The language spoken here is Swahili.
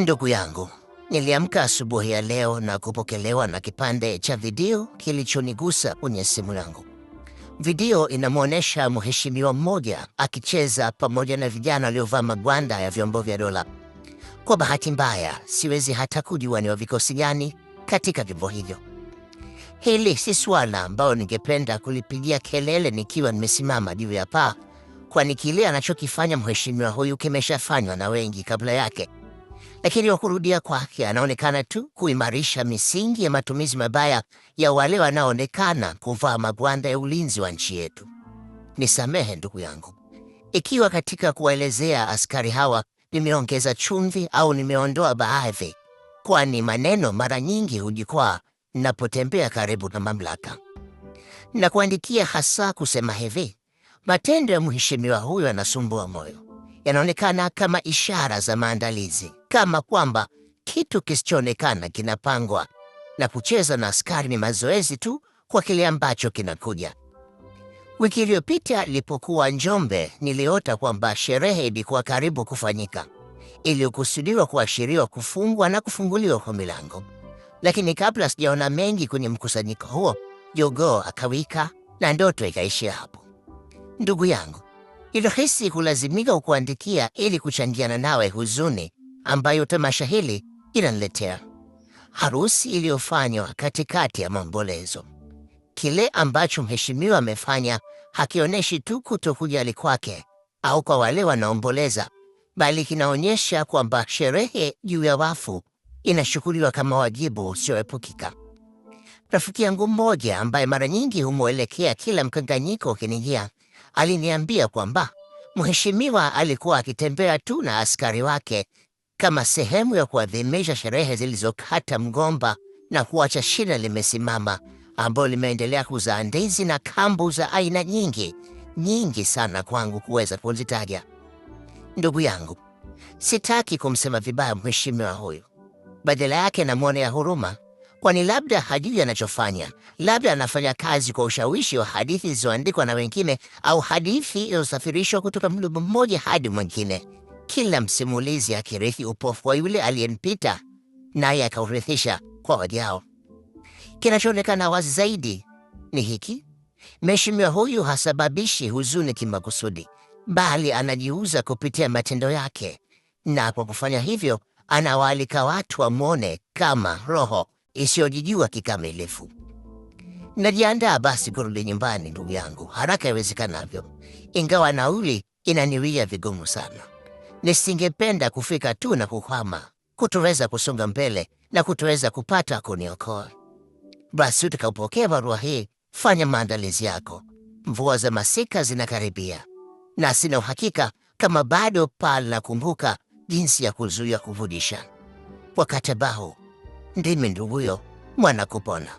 Ndugu yangu, niliamka asubuhi ya leo na kupokelewa na kipande cha video kilichonigusa kwenye simu yangu. Video inamwonyesha mheshimiwa mmoja akicheza pamoja na vijana waliovaa magwanda ya vyombo vya dola. Kwa bahati mbaya, siwezi hata kujua ni wa vikosi gani katika vyombo hivyo. Hili si swala ambayo ningependa kulipigia kelele nikiwa nimesimama juu ya paa, kwani kile anachokifanya mheshimiwa huyu kimeshafanywa na wengi kabla yake lakini wa kurudia kwake anaonekana tu kuimarisha misingi ya matumizi mabaya ya wale wanaoonekana kuvaa magwanda ya ulinzi wa nchi yetu. Nisamehe ndugu yangu ikiwa katika kuwaelezea askari hawa nimeongeza chumvi au nimeondoa baadhi, kwani maneno mara nyingi hujikwaa napotembea karibu na mamlaka. Na kuandikia hasa kusema hivi, matendo ya mheshimiwa huyo yanasumbua moyo yanaonekana kama ishara za maandalizi, kama kwamba kitu kisichoonekana kinapangwa, na kucheza na askari ni mazoezi tu kwa kile ambacho kinakuja. Wiki iliyopita nilipokuwa Njombe, niliota kwamba sherehe ilikuwa karibu kufanyika, iliyokusudiwa kuashiriwa kufungwa na kufunguliwa kwa milango. Lakini kabla sijaona mengi kwenye mkusanyiko huo, jogoo akawika na ndoto ikaishia hapo. Ndugu yangu, ilihisi kulazimika kuandikia ili kuchangiana nawe huzuni ambayo tamasha hili inaniletea. Harusi iliyofanywa katikati ya maombolezo. Kile ambacho mheshimiwa amefanya hakionyeshi tu kutokujali kwake au kwa wale wanaomboleza, bali kinaonyesha kwamba sherehe juu ya wafu inachukuliwa kama wajibu usioepukika. Rafiki yangu mmoja ambaye mara nyingi humwelekea kila mkanganyiko ukiningia aliniambia kwamba mheshimiwa alikuwa akitembea tu na askari wake kama sehemu ya kuadhimisha sherehe zilizokata mgomba na kuacha shina limesimama, ambayo limeendelea kuzaa ndizi na kambu za aina nyingi nyingi sana kwangu kuweza kuzitaja. Ndugu yangu, sitaki kumsema vibaya mheshimiwa huyu, badala yake namwonea huruma kwani labda hajui anachofanya. Labda anafanya kazi kwa ushawishi wa hadithi zilizoandikwa na wengine au hadithi zilizosafirishwa kutoka mdomo mmoja hadi mwingine, kila msimulizi akirithi upofu wa yule aliyempita, naye akaurithisha kwa wajao. Kinachoonekana wazi zaidi ni hiki: mheshimiwa huyu hasababishi huzuni kimakusudi, bali anajiuza kupitia matendo yake, na kwa kufanya hivyo anawaalika watu wamwone kama roho isiyojijua kikamilifu. Najiandaa basi kurudi nyumbani, ndugu yangu, haraka iwezekanavyo, ingawa nauli inaniwia vigumu sana. Nisingependa kufika tu na kukwama, kutoweza kusonga mbele na kutoweza kupata kuniokoa. Basi utakapokea barua hii, fanya maandalizi yako. Mvua za masika zinakaribia, na sina uhakika kama bado pale nakumbuka jinsi ya kuzuia kuvudisha wakati bahu ndimi nduguyo mwana kupona.